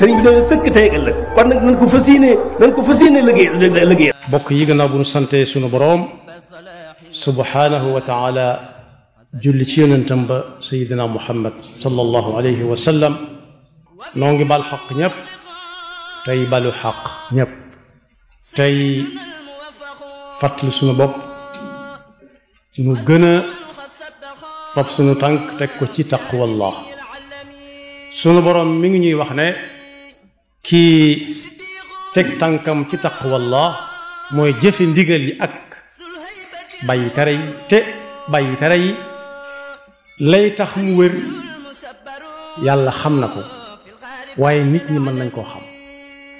sëriñ bi dañu tey ëllëg kon nag nañ ko fas yéene bokk yi gannaaw bu ñu sante suñu boroom subhaanahu wa taala julli ci yonentam ba sayidina muhammad sallallahu alayhi wa sallam noo ngi bal xaq ñépp tey balu suñu bopp ñu gën a fab tànk teg ko ci taqwallah sunu boroom mi ngi ñuy wax ne kii teg tànkam ci taqwallah mooy jëfe ndigal yi ak bàyyi tere yi te bàyyi tere yi lay tax mu wér yàlla xam na ko waaye nit ñi mën nañ koo xam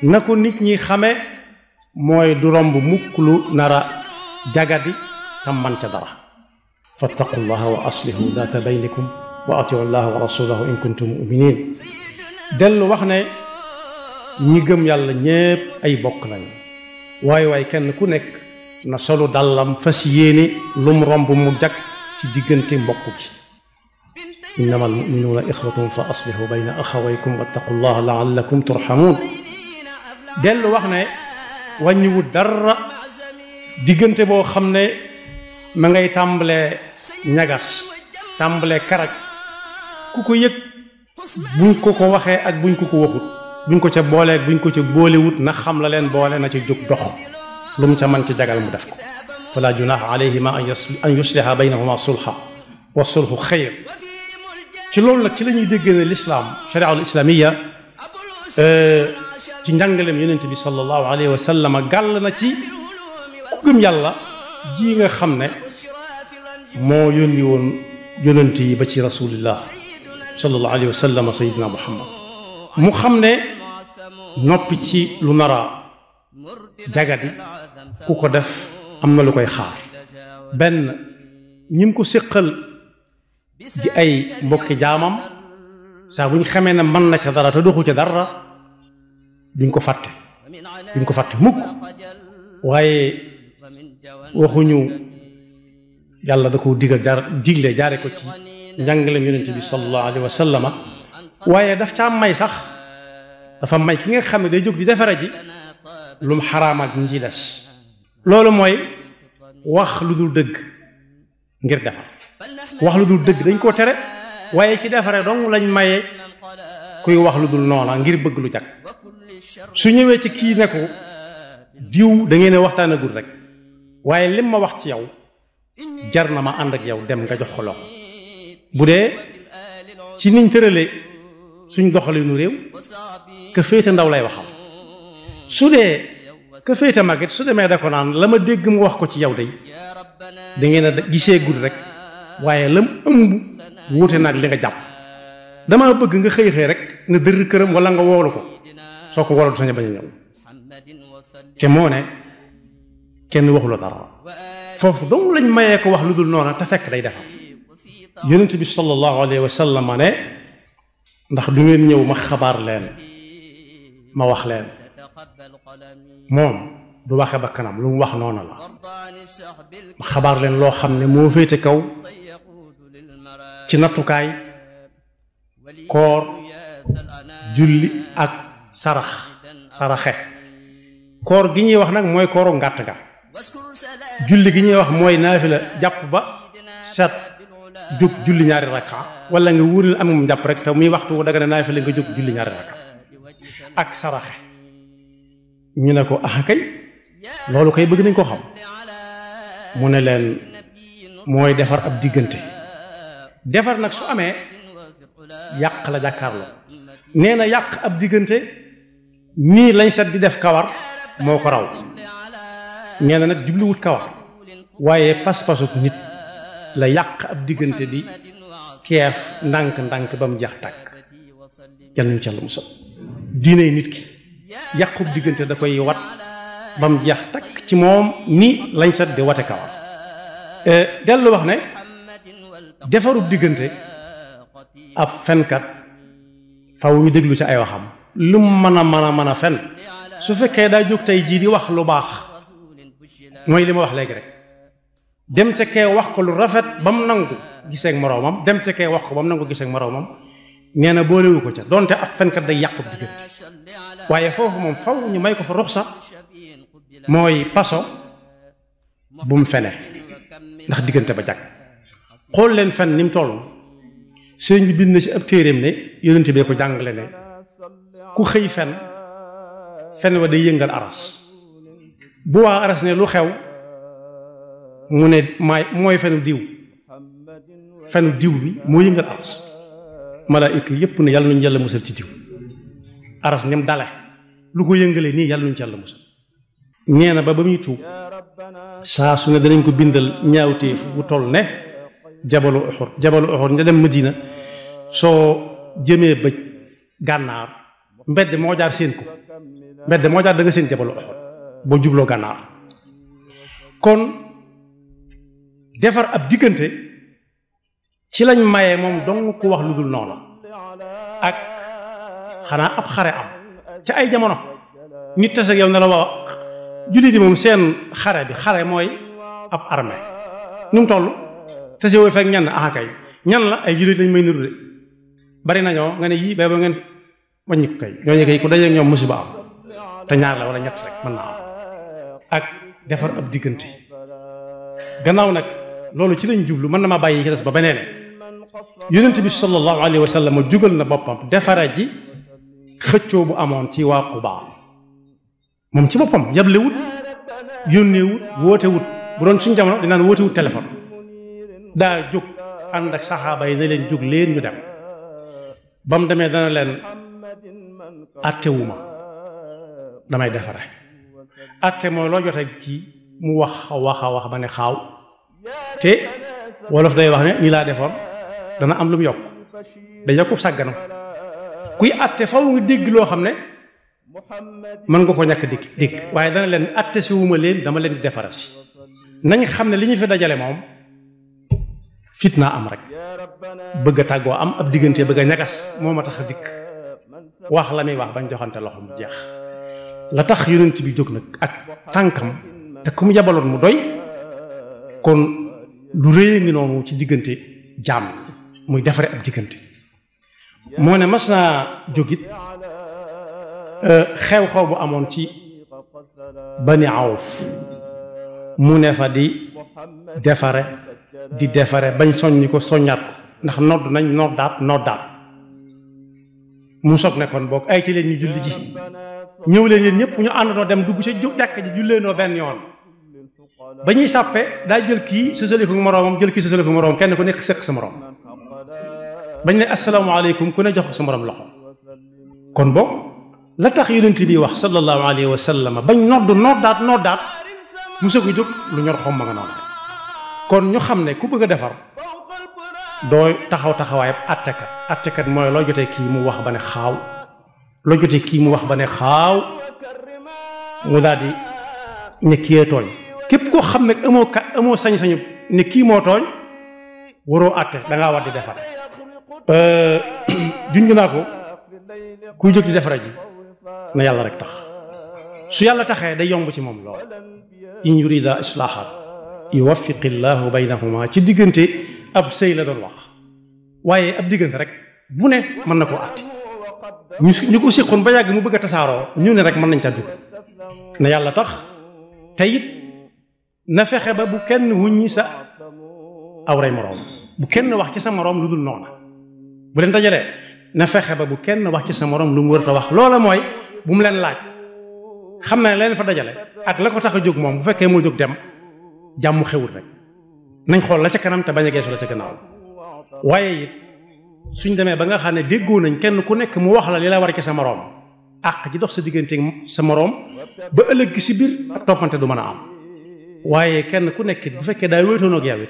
na ko nit ñi xame mooy du romb mukk lu nara jagadi tam man ca dara fattaqullaha wa aslihu daata baynikum wa atiu llaha wa rasulahu in kuntum muminin dellu wax ne ñi gëm yàlla ñépp ay bokk lañ waaye waay kenn ku nekk na solu dàllam fas yéene lum romb mu jag ci diggante mbokk gi innama almuminuuna ixwatun fa aslihu bayna axawaykum wattaqu llaha laallakum turhamuun dellu wax ne wàññiwut dara diggante boo xam ne ma ngay tàmbalee ñagas tàmbalee karaj ku ko yëg buñ ko ko waxee ak buñ ko ko waxut buñ ko ca booleeg buñ ko ca boolewut na xam la leen boole na ci jóg dox lu ca man ci jagal mu def ko fala junaaha alayhima an yusliha baynahuma sulha wa sulhu xayr ci loolu nag ci la ñuy dégg ne lislaam shariatul islaamiya euh, ci njàngaleem yonent bi sallallahu alayhi wa sallam gàll na ci ku gëm yàlla ji nga xam ne moo yónni woon yonent yi ba ci rasulillah sallallahu alayhi wa sallam sayidina muhammad mu xam ne noppi ci lu nara jagadi ku ko def am na lu koy xaar benn ñim ko séqal di ay mbokki jaamam saa bu ñu xamee ne mën na ca dara te doxu ca dara duñ ko fàtte duñ ko fàtte mukk waaye waxuñu yàlla da ko digal jaar digle jaare ko ci njàngaleem yonent bi sallallahu alayhi wa sallama waaye daf caa may sax dafa may ki nga xam ne day jóg di defara ji lu mu xaraamal ñi ci des loolu mooy wax lu dul dëgg ngir defar wax lu dul dëgg dañ koo tere waaye ci defare dong lañ maye kuy wax lu dul noona ngir bëgg lu jag su ñëwee ci kii ne ko diw da ngeen waxtaan agul rek waaye lim ma wax ci yow jar na ma ànd ak yow dem nga jox ko loxo bu dee ci niñ tëralee suñ doxalinu réew ka féete ndaw lay waxal su dee ka féete mag it su demee da ko naan la ma dégg mu wax ko ci yow day da ngeen a gisee gudd rek waaye lam ëmb wuute nag li nga jàpp damaa bëgg nga xëy xëy rek nga dër këram wala nga woolu ko soo ko woolu du sañ bañ a ñëw te moo ne kenn waxula dara foofu dong lañ mayee ko wax lu dul noona te fekk day defar yonent bi sallallahu alayhi wa ne ndax du ngeen ñëw ma xabaar leen ma wax leen moom du waxe ba kanam lu mu wax noonu la ma xabaar leen loo xam ne moo féete kaw ci nattukaay koor julli ak sarax saraxe koor gi ñuy wax nag mooy kooru ngàtt nga julli gi ñuy wax mooy naafila jàpp ba set jóg julli ñaari rakka wala nga wóor la amum njàpp rek te muy waxtu daga ne naay fa la nga jóg julli ñaari rakka ak saraxe ñu ne ko ah kay loolu kay bëgg nañ ko xam mu ne leen mooy defar ab diggante defar nag su amee yàq la jàkkaarloo nee na yàq ab diggante nii lañ set di def kawar moo ko raw nee na nag jubluwut kawar waaye pas-pasuk nit la yàq ab diggante bi keef ndànk-ndànk ba mu jeex tàkk yal nañu ci yàlla so diine nit ki yàqub diggante da koy wat ba mu jeex tàkk ci moom ni lañ set di wate kawar e, dellu wax ne defarub diggante ab fenkat faw ñu déglu ci ay waxam lu mën a mën a mën a fen su fekkee daa jóg tey jii di wax lu baax mooy li ma wax léegi rek dem ca kee wax ko lu rafet ba mu nangu giseek ak moroomam dem ca kee wax ko ba mu nangu gisee ak moroomam nee na boolewu ko ca donte ab fenkat day yàqu diggante waaye foofu moom faw ñu may ko fa ruxsa mooy paso bu mu fene ndax diggante ba jag xool leen fen ni mu toll sëñ bi bind na ci ab téeréem ne yonente bee ko jàngale ne ku xëy fen fen wa day yëngal aras bu waa aras ne lu xew mu ne maay mooy fenu diw fenu diw bi moo yëngal aras malaayika yépp ne yàlla nañu yàlla musal ci diw aras nem dale lu ko yëngalee nii yàlla nañu ci yàlla musal nee na ba ba muy tuub saa su ne danañ ko bindal ñaawteef bu toll ne jabalu oxor jabalu oxor nga dem ma Madina soo jëmee bëj gànnaar mbedd moo jaar seen ko mbedd moo jaar da nga seen jabalu oxor boo jubloo gànnaar kon defar ab diggante ci lañ maye moom dong ku wax lu dul noonu ak xanaa ab xare am ca ay jamono nit tase ak yow ne la waa jullit moom seen xare bi xare mooy ab armée nu mu toll tase woo fekk ñan ah kay ñan la ay jullit lañ may niru de bari nañoo nga ne yii ba ba ngeen wàññi ko kay ñooñu kay ku dajeeg ñoom musiba am te ñaar la wala ñett rek mën naa am ak defar ab diggante gannaaw nag. loolu ci lañ jublu mën na ma bàyyi ci des ba beneen yonent bi sallallahu alayhi wa sallam jugal na boppam defara ji xëccoo bu amoon ci waa Quba moom ci boppam yablewut yónneewut wootewut bu doon suñ jamono dinaan wootewut téléphone daa jóg ànd ak saxaaba yi ne leen jóg leen ñu dem ba mu demee dana leen àttewuma damay defare àtte mooy loo jotee kii mu wax a wax a wax ba ne xaaw te wolof day wax ne nii laa defoon dana am lu mu yokk da yokku sàgganu kuy atte faw nga dégg loo xam ne mën nga ko ñakk dikk dikk waaye dana leen atte si wuma leen dama leen di defara si nañ xam ne li ñu fi dajale moom fitna am rek bëgg a tàggoo am ab diggante bëgg a ñagas moo ma tax a dikk wax la muy wax bañ joxante loxo mu jeex la tax yonent bi jóg nag ak tànkam te ku mu yabaloon mu doy kon lu rëy ngi noonu ci diggante jaam muy defare ab diggante moo ne mas naa jógit euh, xew-xew bu amoon ci bani awf mu ne fa di defare di defare bañ soññi ko soññaat ko ndax nodd nañ noddaat noddaat mu soog ne kon boog ay ci leen ñu julli ji ñëw leen yéen ñëpp ñu àndandoo dem dugg ca jàkk ji jullee benn yoon ba ñuy sàppe daa jël kii sësaliku moroomam jël kii sësaliku moroomam kenn ku nekk sëq sa moroom bañ ne asalaamaaleykum ku ne jox sa moroom loxo kon boog la tax yonent bi wax sallallahu alayhi wa sallam bañ noddu noddaat noddaat musa ko jóg lu ñor xom ma nga noonu kon ñu xam ne ku bëgg a defar doo taxaw taxawaayab attekat attekat mooy loo jotee kii mu wax ba ne xaaw loo jotee kii mu wax ba ne xaaw mu daal di ne kiyee tooñ képp ko xam ne amoo ka amoo sañ-sañu ne kii moo tooñ waroo àtte da ngaa war di defar euh, junj naa ko kuy jóg di defara ji na yàlla rek tax su yàlla taxee day yomb ci moom lool in yurida islaahan yuwaffiqi llaahu baynahuma ci diggante ab sëy la doon wax waaye ab diggante rek bu ne mën na koo àtte ñu ñu ko séqoon ba yàgg mu bëgg a tasaaroo ñu ne rek mën nañ caa dugg na yàlla tax te na fexe ba bu kenn wuñ wuññi sa awray moroom bu kenn wax ci sa moroom lu dul noona bu leen dajalee na fexe ba bu kenn wax ci sa moroom lu mu wër ta wax loola mooy bu mu leen laaj xam na leen fa dajale ak la ko tax a jóg moom bu fekkee moo jóg dem jàmm xewul rek nañ xool la ca kanam te bañ a geesu la ca gannaaw waaye it suñ demee ba nga xam ne déggoo nañ kenn ku nekk mu wax la li la war ci sa moroom àq ji dox sa diggante sa moroom ba ëllëg gi si biir ak du mën a am waaye kenn ku nekk bu fekkee daay wéetoon ak yow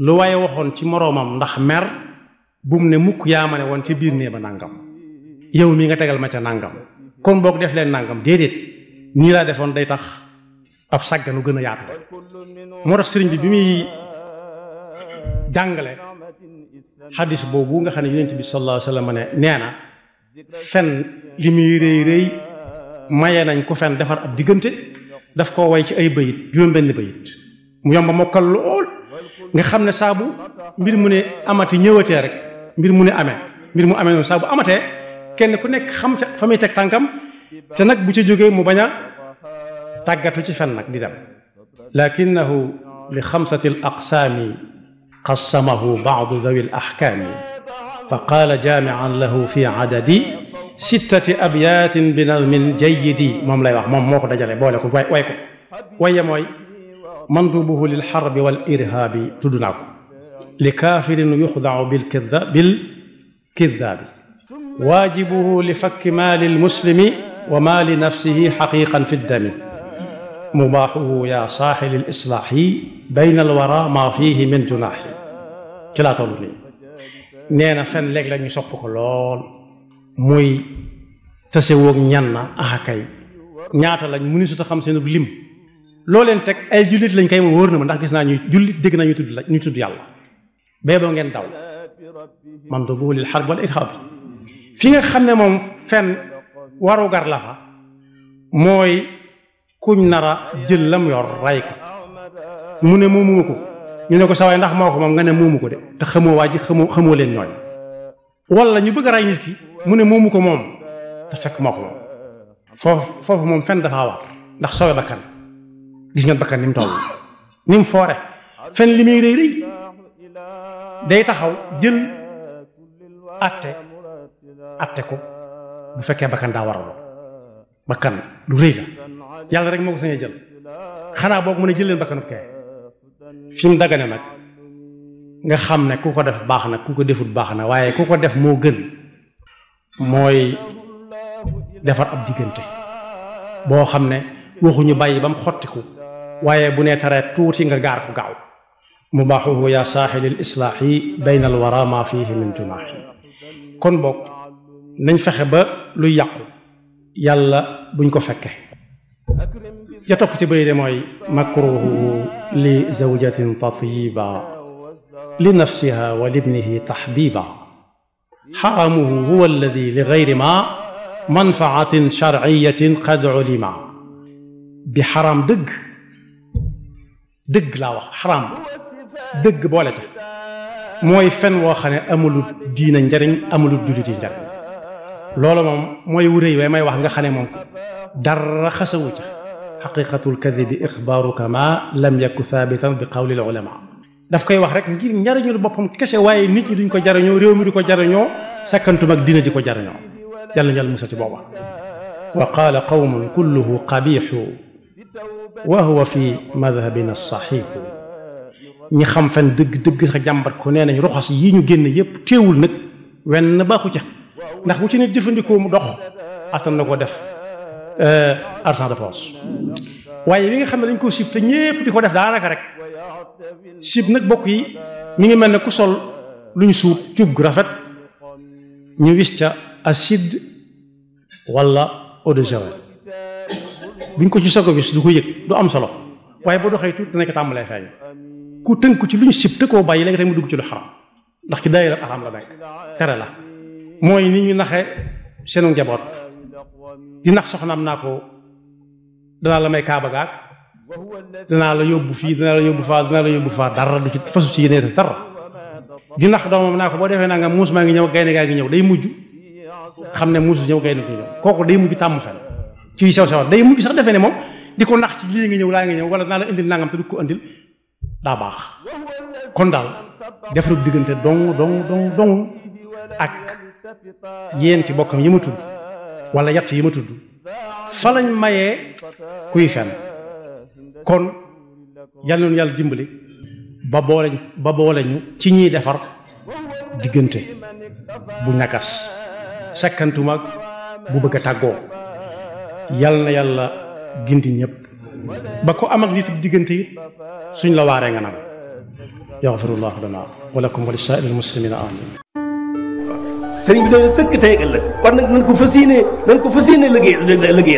lu waaye waxoon ci moroomam ndax mer bu ne mukk yaa ma ne woon ca biir nee ba nàngam yow mii nga tegal ma ca nàngam kon boog def leen nàngam déedéet nii laa defoon day tax ab sàgganu gën a yaatu moo tax sëriñ bi bi muy jàngale xaddis boobu nga xam ne yonent bi sallallahu alayhi wa sallam ne nee na fen li muy rëy rëy maye nañ ko fen defar ab diggante def koo way ci ay bayit juróom-benn bayit mu yomba mokkal lool nga xam ne saabu mbir mu ne amati ñëwatee rek mbir mu ne amee mbir mu amee noonu saabu amatee kenn ku nekk xam ca fa muy teg tànkam te nag bu ci jógee mu baña a tàggatu ci fen nag di dem lakinahu li xamsati al aqsaami qassamahu baadu dawi al fa qaala jaamian lahu fi adadi sittati abyaatin bi nazmin jayyidi moom lay wax moom moo ko dajale boole ko way way ko waye mooy mandubuhu lil xarbi wal irhaabi tudd naa ko li kaafirin yuxdau bil kidda bil kiddaabi waajibuhu li fakki maali lmuslimi wa maali nafsihi xaqiqan fi ddami mubaaxuhu yaa saaxili l islaaxi bayna alwara maa fiihi min junaaxi ci laa toll nii nee na fen léeg la ñu sopp ko lool muy tase woog ñan na axakay ah ñaata lañ mu ni su ta xam seenub lim loo leen teg ay jullit lañ kay moom wóor na ma ndax gis naa ñuy jullit dégg naa ñu tudd la ñu tudd yàlla bee boo ngeen daw man do buulil xarb wala irhab fi nga xam ne moom fenn waru gar la fa mooy kuñ nara jël lam yor ray ko mu ne moomu ko ñu ne ko sawaay ndax moo ko moom nga ne moomu ko de te xamoo waa ji xamoo xamoo leen ñooy wala ñu bëgg a ray nit ki mu ne moomu ko moom te fekk moo ko moom foofu foofu moom fenn dafa war ndax sowe bakkan gis ngeen bakkan ni mu toll ni mu foore fen li muy rëy rëy day taxaw jël atte atte ko bu fekkee bakkan daa waralo bakkan lu rëy la yàlla rek moo ko sañee jël xanaa boog mu ne jël leen bakkanu kee fi mu dagane nag nga xam ne ku ko def baax na ku ko defut baax na waaye ku ko def moo gën mooy defar ab diggante boo xam ne waxuñu bàyyi ba mu xottiku waaye bu nee taree tuuti nga gaar ko gaaw mu baaxuhu yaa saaxilil islaahi bayna al wara ma fihi min junaahi kon boog nañ fexe ba luy yàqu yàlla buñ ko fekke ya topp ci bëy de mooy makruhu li zawjatin tatiba li nafsiha wa libnihi tahbiba حرمه هو الذي لغير ما manfaatin chariyatin qad ulima bi xaram dëgg dëgg laa wax xaram dëgg boole ca mooy fen woo xam ne amulul diina njariñ amulul jullit yi njariñ loolu moom mooy wuréy way may wax nga xam ne moom dara xasawu ca xaqiqatul kadibi ixbaaruka ma lam yaku thaabitan bi qawli ulama daf koy wax rek ngir njariñul boppam kese waaye nit ñi duñ ko jariñoo réew mi di ko jariñoo sakkantum ak dina di ko jariñoo yàlla njal musa ci booba wa qaala qawmun kulluhu qabiixu wa huwa fi madhabina saxiixu ñi xam fan dëgg dëgg sax jàmbat ko nee nañ roxas yi ñu génn yépp teewul nag wenn baaxu ca ndax wu ci ne jëfandikoo mu dox attan na ko def euh, argent de poche waaye bi nga xam ne dañ ko sib te ñépp di ko def daanaka rek sib nag bokk yi mi ngi mel ne ku sol lu ñu suub cuub gu rafet ñu wis ca acide wala eau de javel buñ ko ci soog a wis du ko yëg du am solo waaye boo doxee tuuti dana ko tàmbalee feeñ ku tënku ci lu sib te koo bàyyi léegi tamit dugg ci lu xaram ndax ci daayira xaram la nekk tere la mooy ni ñu naxe seenu njaboot di nax soxnaam naa ko danaa la may kaaba gaag danaa la yóbbu fii danaa la yóbbu faa danaa la yóbbu faa dara du ci fasu ci yéene dara di nax doomam naa ko boo defee nanga muus maa ngi ñëw gaynde gaa ngi ñëw day mujj xam ne muus ñëw gaynde ko ñëw kooku day mujj tàmm fen ci sew sew day mujj sax defee ne moom di ko nax ci lii nga ñëw laa nga ñëw wala danaa la indil nangam te du ko indil daa baax kon daal defaru diggante dong dong dong dong ak yéen ci bokkam yi ma tudd wala yatt yi ma tudd fa lañ mayee kuy kon yal na yàlla dimbali ba boole ba boole ñu ci ñiy defar diggante bu ñagas sakkantumaag bu bëgg a tàggoo yal na yàlla gindi ñëpp ba ko am ak nit diggante it suñ la waaree nga naan yaxfirullahu lana wa lakum wa li saa'iril muslimina amin sëriñ bi dana sëkk tey ëllëg kon nag nañ ko fas yéene nañ ko fas yéene liggéey liggéey